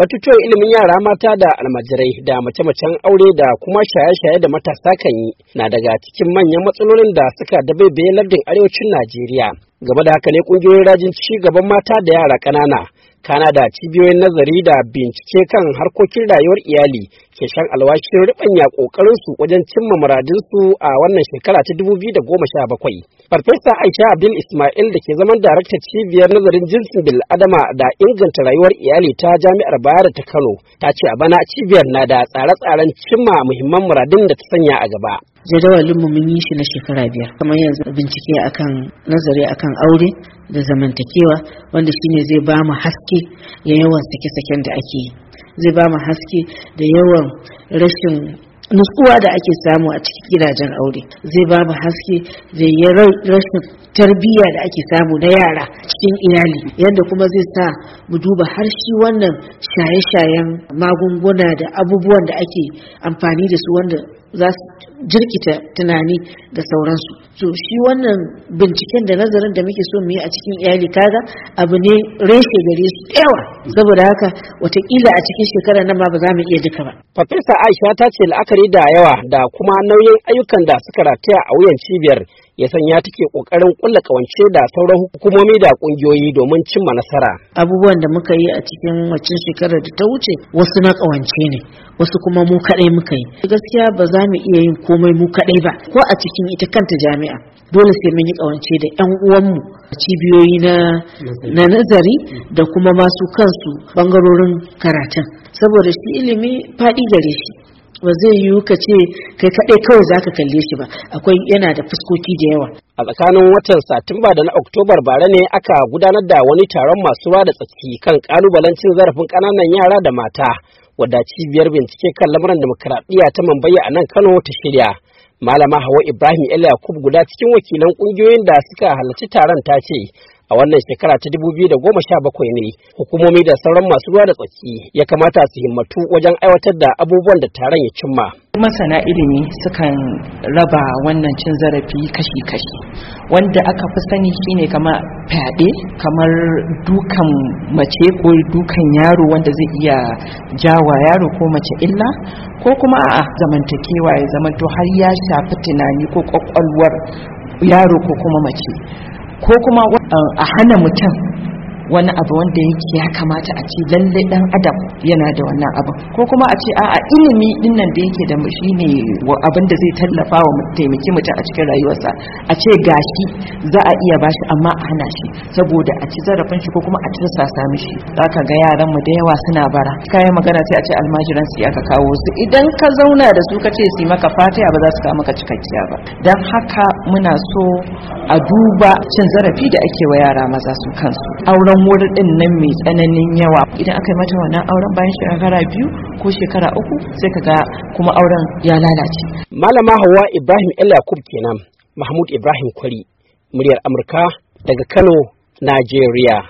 batutuwan ilimin yara mata da almajirai da mace-macen aure da kuma shaye-shaye da matasa kan yi na daga cikin manyan matsalolin da suka dabaibaye lardin arewacin najeriya game da haka ne kungiyoyin rajin ci gaban mata da yara kanana kana da cibiyoyin nazari da bincike kan harkokin rayuwar iyali ke alwashin riɓanya kokarin su wajen cimma su a wannan shekara ta 2017. Farfesa Aisha bin Ismail da ke zaman daraktar cibiyar nazarin jinsin bil'adama da inganta rayuwar iyali ta jami'ar da ta Kano ta ce a bana cibiyar na da tsare-tsaren cimma muhimman muradin da ta sanya a gaba. jadawalin mu mun yi shi na shekara biyar kamar yanzu bincike akan nazari akan aure da zamantakewa wanda shine zai ba mu haske ya yawan sake-saken da ake yi zai ba mu haske da yawan rashin nutsuwa da ake samu a cikin gidajen aure zai ba mu haske da rashin tarbiyya da ake samu na yara cikin iyali yadda kuma zai sa mu duba har shi wannan shaye-shayen magunguna da abubuwan da ake amfani da su wanda za su jirkita tunani da sauransu so shi wannan binciken da nazarin da muke so mu yi a cikin iyali kaga abu ne reshe gare su yawa saboda haka watakila a cikin shekarar nan ma ba za mu iya duka ba farfesa aisha ta ce la'akari da yawa da kuma nauyin ayyukan da suka rataya a wuyan cibiyar ya sanya take kokarin kulla kawance da sauran hukumomi da kungiyoyi domin cimma nasara abubuwan da muka yi a cikin wacin shekarar da ta wuce wasu na kawance ne wasu kuma mu kadai muka yi gaskiya ba za mu iya yin komai mu kadai ba ko a cikin ita kanta jami'a dole sai mun yi kawance da yan uwanmu cibiyoyi na nazari da kuma masu kansu bangarorin karatun saboda shi ilimi faɗi gare shi ba zai yiwu ka ce kai kaɗai kawai za ka kalle shi ba akwai yana da fuskoki da yawa a tsakanin watan satumba da na oktobar bara ne aka gudanar da wani taron masu ruwa da tsaki kan kalubalen cin zarafin ƙananan yara da mata wadda cibiyar bincike kan lamuran demokaradiyya ta mambaya a nan kano ta shirya malama hawa ibrahim el yakub guda cikin wakilan ƙungiyoyin da suka halarci taron ta ce a wannan shekara ta 2017 ne hukumomi da sauran masu ruwa da tsaki ya kamata su himmatu wajen aiwatar da abubuwan da taron ya cimma masana ilimi sukan raba wannan cin zarafi kashi-kashi wanda aka fi sani shine kamar fyaɗe kamar dukan mace ko dukan yaro wanda zai iya jawa yaro ko mace illa ko kuma a zamantakewa ya zamanto har ya shafi tunani ko kwakwalwar yaro ko kuma mace ko kuma a hana mutum wani abu wanda yake ya kamata a ci lalle dan adam yana da wannan abu ko kuma a ce a'a ilimi din nan da yake da shi ne abin da zai tallafa wa taimaki mutum a cikin rayuwarsa a ce gashi za a iya bashi amma a hana shi saboda a ci zarafin shi ko kuma a tirsasa mishi zaka ga yaran mu da yawa suna bara kayan magana sai a ce almajiran su aka kawo su idan ka zauna da su ka ce su maka fatiha ba za su kawo maka cikakkiya ba dan haka muna so a duba cin zarafi da ake wa yara maza su kansu auren wuri din nan mai tsananin yawa idan aka yi mata wannan auren bayan shekara biyu ko shekara uku sai ka ga kuma auren ya lalace malama hawa ibrahim el yakub kenan mahmud ibrahim kwari muryar amurka daga kano najeriya